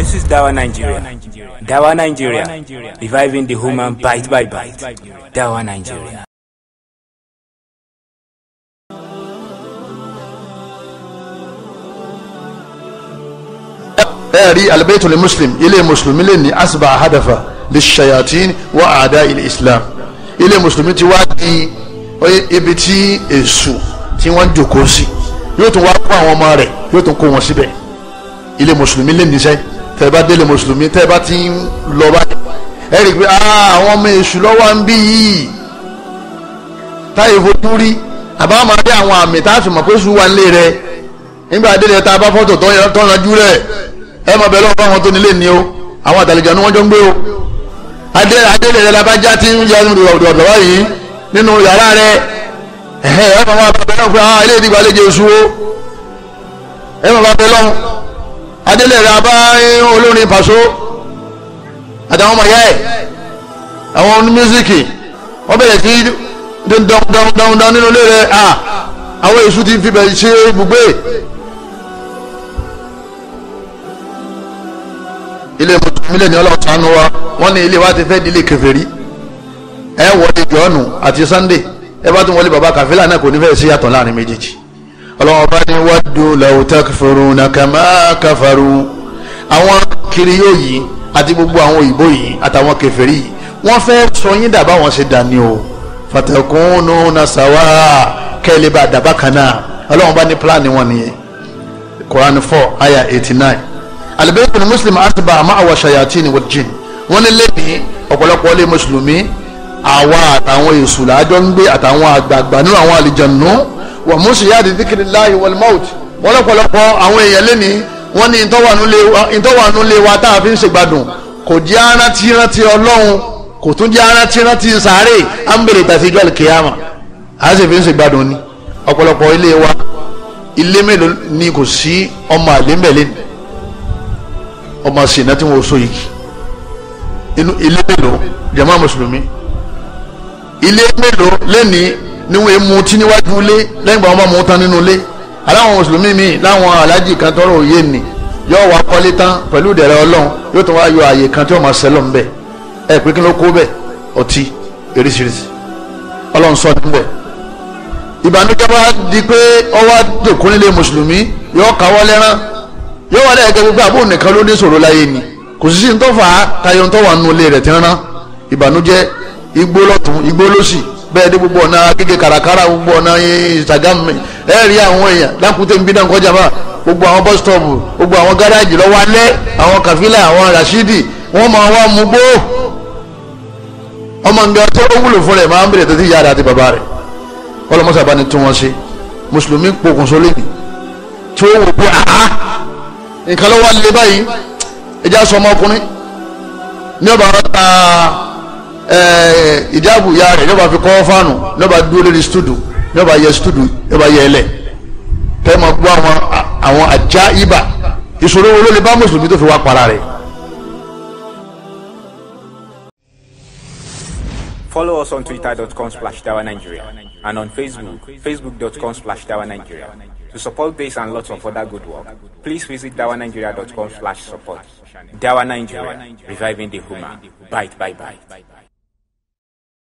This is Dawa Nigeria. Dawa Nigeria. Reviving the human bite by bite. Dawa Nigeria. ẹ̀rí albaitul muslim ilé mùsùlùmí lè ni asba hadafa lè shayatin wa àdá il islam ilé mùsùlùmí ti wa di ibi tí èṣù tí wọ́n ń jòkó sí yóò tún wá kó àwọn ọmọ rẹ̀ yóò tún kó wọn síbẹ̀ ilé mùsùlùmí lè níṣẹ́ tẹ bá délé mùsùlùmí tẹ bá ti ń lọ báyìí ẹ rí i pé ah, àwọn ọmọ èṣù lọ́wọ́ ń bí yìí táyé fojú rí àbá máa rí àwọn àmì tá a fi mọ̀ pé sùn wà nílé rẹ nígbà délé tá bá fọ́tò tọ́ranjú rẹ ẹ mọ̀ bẹ́ẹ̀ lọ́wọ́ fún àwọn tó nílé ni o àwọn àtàlẹ́jà ni wọ́n jọ ń gbé o adélé rẹ labájá ti ń yanu ọ̀dọ̀ báyìí nínú yàrá rẹ ẹ̀hẹ́ ẹ mọ̀ máa bẹ̀rẹ̀ lọ́wọ́ fún àwọn ah, ilé ìdìbò àlejò èṣù o ẹ mọ̀ lọ́wọ́ adélé rẹ̀ abá olórin pàṣọ àtàwọn ọmọ ìyá ẹ̀ àwọn onímísíkì wọ́n bẹ̀rẹ̀ sí dandandandandan nínú ilé rẹ̀ à àwọn èṣù ti fi bẹ̀rẹ̀ ṣe ibùgbé ilé mùsùlùmí lè ní wa wọ́n ní ilé wa ti fẹ́ di ilé kèfèrí ẹ baba kàfílà náà kò ní fẹ́ sí yàtọ̀ ọlọ́wọ́n bá ní wadu law takfuruna kama kafaru àwọn kiri yóò yìí àti gbogbo àwọn òyìnbó yìí àtàwọn kèfèrí yìí wọ́n fẹ́ sọ yín dàbá wọn ṣe dàní o fatakununa sawa kẹ́lẹ́ bá dàbá kan náà ọlọ́wọ́n wọn nìyẹn Quran four ayah eighty nine alibẹ́tùn muslim asiba ma'awa shayatin wal jin wọ́n ní lẹ́yìn ọ̀pọ̀lọpọ̀ lé mùsùlùmí àwa àtàwọn èṣù làájọ́ ń gbé àtàwọn àgbààgbà nínú àwọn àlìjànú wà mùsùlùmí dìkìrì láàyè wọlé mọ́ọ̀t wọ́n lọ́pọ̀lọpọ̀ àwọn èèyàn lẹ́ni wọ́n ní ìtọ́wànú lé wa tá a fi ń ṣègbádùn kò jẹ́ arántí rántí ọlọ́run kò tún jẹ́ arántí rántí sàárè à ń bèrè tàṣíjú àlùkìyàmà à sì fi ń ṣègbádùn ni ọ̀pọ̀lọpọ̀ ilé wa ilé mélòó ni kò sí ọmọ àlémbẹ̀lẹ́ ọmọ sìnà tí wọ́n so yìí inú ilé mélòó jàmá mùsùlùmí ilé mélòó lẹ́ni níwọ̀n emu tí níwájú ilé lẹ́yìn gbàgbọ́n mu tán nínú ilé aláwọn mùsùlùmí mi láwọn aláàjì kan tọrọ òye nì yóò wá kọ́lé tán pẹ̀lú ìdẹ̀rẹ̀ ọlọ́run yóò tún wá yọ àyè kan tí wọ́n máa sẹ́lọ̀ ńbẹ̀ ẹ pé kí ló kó bẹ̀ ọtí eríṣiríṣi ọlọ́run sọ níbẹ̀ ìbànújẹ́ bá di pé ọwọ́ dòkúnlé mùsùlùmí yóò káwọ́ lẹ́rán yóò wọlé ẹgbẹ́ gbogbo àbúrò nìkan ló ní ìṣòro láyé ni kò sí sí ní tó fà á tayọ̀ ní tó wà nínú bẹ́ẹ̀ dé gbogbo ọ̀nà kéke kàràkàrà gbogbo ọ̀nà Instagram ẹ rí àwọn èèyàn lákùtẹ́ ń bí náà kọjá máa gbogbo àwọn bus stop gbogbo àwọn gáràjì lọ́wọ́ alẹ́ àwọn kàfílà àwọn Rashidi wọ́n máa wá mú gbó ọmọ nǹkan tó wúlò fún rẹ̀ máa ń bèrè tètè yára àti bàbá rẹ̀ ọlọ́mọṣà bá ní tún wọn ṣe mùsùlùmí pokùn so tí ó wò pé àá nǹkan lọ́wọ́ alẹ́ báyìí ẹja sọ ọmọkùnrin ní ọba ta. Eh, ìjáàbù ya rẹ̀ lọ́ba fi kọ́ fáànù lọ́ba dúró lórí stúdù lọ́ba yẹ stúdù lọ́ba yẹ ẹlẹ̀ tẹ́ ma gbọ́ àwọn àwọn àjá ibà ìṣòro wo ló lè bá mùsùlùmí tó fi wá para rẹ̀. Follow us on twitter.com slash Nigeria and on Facebook, facebook.com slash Nigeria. To support this and lots of other good work, please visit dawanigeria.com support. Dawa Nigeria, reviving the human. Bite, bye, bite.